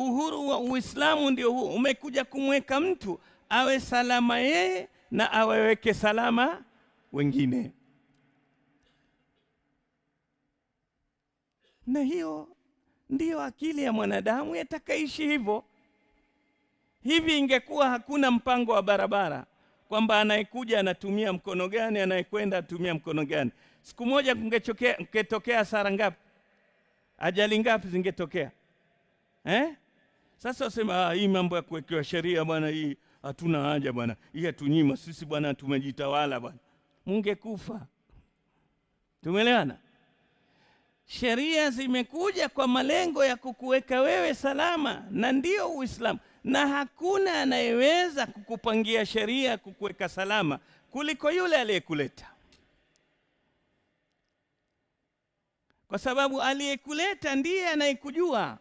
Uhuru wa Uislamu ndio huu, umekuja kumweka mtu awe salama yeye na aweweke salama wengine, na hiyo ndiyo akili ya mwanadamu, yatakaishi hivyo hivi. Ingekuwa hakuna mpango wa barabara kwamba anayekuja anatumia mkono gani, anayekwenda atumia mkono gani, siku moja kungetokea hasara ngapi, ajali ngapi zingetokea eh? Sasa wasema ah, hii mambo ya kuwekewa sheria bwana, hii hatuna haja bwana, hii hatunyima sisi bwana, tumejitawala bwana. Mungekufa. Tumeelewana? Sheria zimekuja kwa malengo ya kukuweka wewe salama, na ndio Uislamu, na hakuna anayeweza kukupangia sheria kukuweka salama kuliko yule aliyekuleta, kwa sababu aliyekuleta ndiye anayekujua.